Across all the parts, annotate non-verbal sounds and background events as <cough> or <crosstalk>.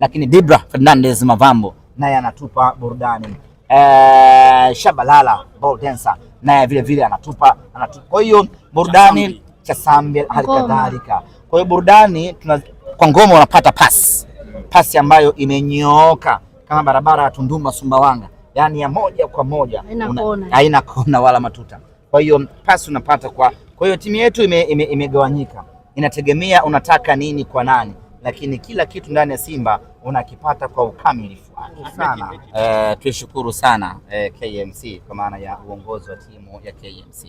lakini Dibra Fernandez Mavambo naye anatupa burudani e, Shabalala ball dancer naye vile vile anatupa, anatupa. Kwa hiyo burudani cha sambe Kwa hiyo burudani tuna, kwa ngoma unapata pasi pasi ambayo imenyooka kama barabara ya Tunduma Sumbawanga, yaani ya moja kwa moja haina kona wala matuta. Kwa hiyo pasi unapata kwa, kwa hiyo timu yetu imegawanyika ime, ime inategemea unataka nini kwa nani lakini kila kitu ndani ya Simba unakipata kwa ukamilifu sana. Uh, tuishukuru sana uh, eh, KMC kwa maana ya uongozi wa timu ya KMC.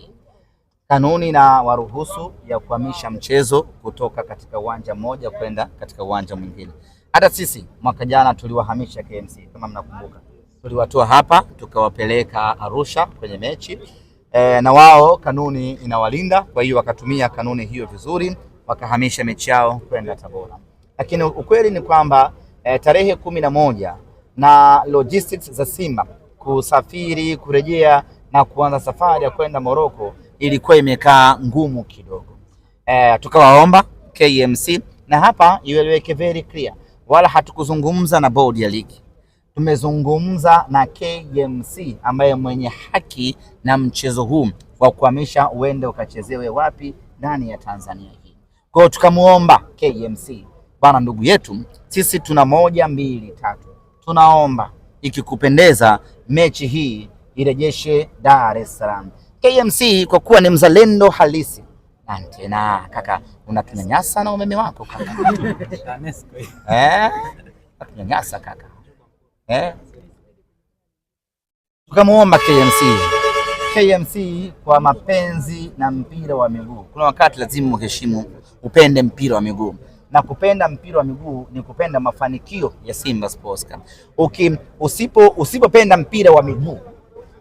Kanuni na waruhusu ya kuhamisha mchezo kutoka katika uwanja mmoja kwenda katika uwanja mwingine. Hata sisi mwaka jana tuliwahamisha KMC, kama mnakumbuka, tuliwatoa hapa tukawapeleka Arusha kwenye mechi e, na wao kanuni inawalinda, kwa hiyo wakatumia kanuni hiyo vizuri, wakahamisha mechi yao kwenda Tabora lakini ukweli ni kwamba eh, tarehe kumi na moja na logistics za Simba kusafiri kurejea na kuanza safari ya kwenda Morocco ilikuwa imekaa ngumu kidogo. E, tukawaomba KMC na hapa iweleweke very clear, wala hatukuzungumza na bodi ya ligi, tumezungumza na KMC ambaye mwenye haki na mchezo huu wa kuhamisha uende ukachezewe wapi ndani ya Tanzania hii. Kwa hiyo tukamwomba KMC Bana ndugu yetu, sisi tuna moja mbili tatu, tunaomba ikikupendeza, mechi hii irejeshe Dar es Salaam. KMC kwa kuwa ni mzalendo halisi antena kaka, unatunyanyasa na umeme wako kaka. <laughs> Eh, unatunyanyasa kaka eh. Tukamwomba KMC KMC kwa mapenzi na mpira wa miguu, kuna wakati lazima uheshimu, upende mpira wa miguu na kupenda mpira wa miguu ni kupenda mafanikio ya Simba Sports Club. Uki, usipo usipopenda mpira wa miguu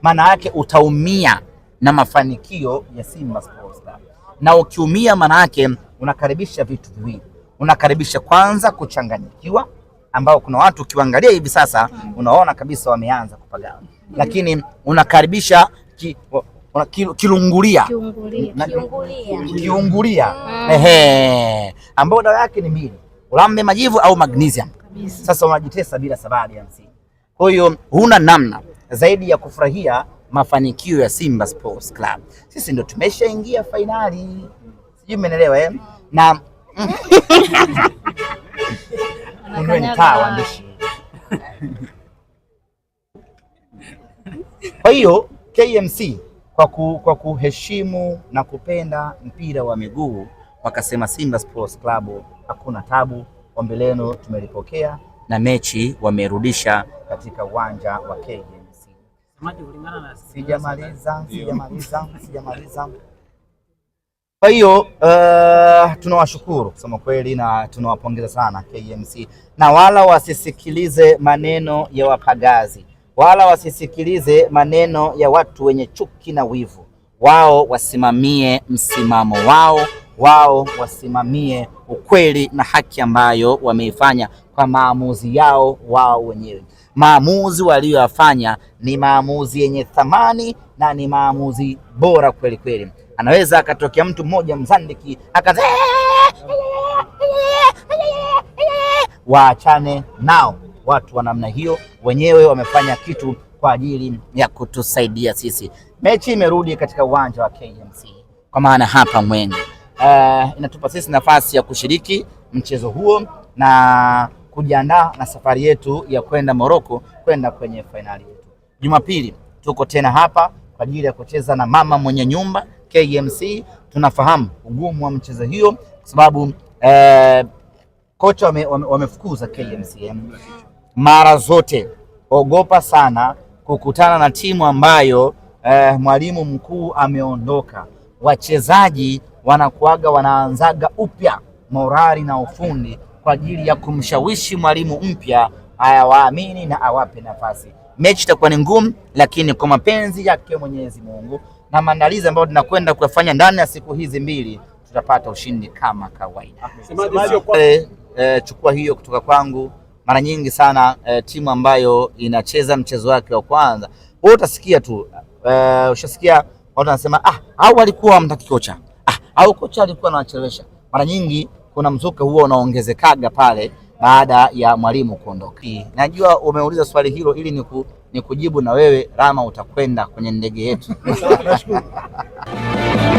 maana yake utaumia na mafanikio ya Simba Sports Club, na ukiumia maana yake unakaribisha vitu viwili. Unakaribisha kwanza kuchanganyikiwa, ambao kuna watu ukiwaangalia hivi sasa unaona kabisa wameanza kupagawa, lakini unakaribisha kilungulia, kiungulia mm. ehe, ambayo dawa yake ni mbili, ulambe majivu au magnesium. Sasa unajitesa bila sababu ya msingi, kwa hiyo huna namna zaidi ya kufurahia mafanikio ya Simba Sports Club. Sisi ndio tumeshaingia fainali, sijui umeelewa eh? na mm. <laughs> kwa hiyo KMC kwa, ku, kwa kuheshimu na kupenda mpira wa miguu wakasema Simba Sports Club hakuna tabu, ombi lenu tumelipokea na mechi wamerudisha katika uwanja wa KMC. Sijamaliza, sijamaliza, sijamaliza. Kwa hiyo uh, tunawashukuru kusema kweli na tunawapongeza sana KMC, na wala wasisikilize maneno ya wapagazi wala wasisikilize maneno ya watu wenye chuki na wivu. Wao wasimamie msimamo wao, wao wasimamie ukweli na haki ambayo wameifanya kwa maamuzi yao wao wenyewe. Maamuzi waliyoyafanya ni maamuzi yenye thamani na ni maamuzi bora kweli kweli. Anaweza akatokea mtu mmoja mzandiki akaza waachane nao watu wa namna hiyo wenyewe wamefanya kitu kwa ajili ya kutusaidia sisi. Mechi imerudi katika uwanja wa KMC, kwa maana hapa Mwenge. Uh, inatupa sisi nafasi ya kushiriki mchezo huo na kujiandaa na safari yetu ya kwenda Morocco kwenda kwenye fainali yetu. Jumapili tuko tena hapa kwa ajili ya kucheza na mama mwenye nyumba KMC. Tunafahamu ugumu wa mchezo hiyo kwa sababu uh, kocha wamefukuza wame KMC mara zote, ogopa sana kukutana na timu ambayo eh, mwalimu mkuu ameondoka. Wachezaji wanakuaga wanaanzaga upya morali na ufundi kwa ajili ya kumshawishi mwalimu mpya ayawaamini na awape nafasi. Mechi itakuwa ni ngumu, lakini kwa mapenzi yake Mwenyezi Mungu na maandalizi ambayo tunakwenda kuyafanya ndani ya siku hizi mbili, tutapata ushindi kama kawaida. Semaji, e, e, chukua hiyo kutoka kwangu mara nyingi sana e, timu ambayo inacheza mchezo wake wa kwanza, wewe utasikia tu e, ushasikia watu wanasema ah, au walikuwa wamtaki kocha ah, au kocha alikuwa anawachelewesha. Mara nyingi kuna mzuka huo unaongezekaga pale baada ya mwalimu kuondoka. Najua umeuliza swali hilo ili niku, nikujibu na wewe Rama, utakwenda kwenye ndege yetu. <laughs>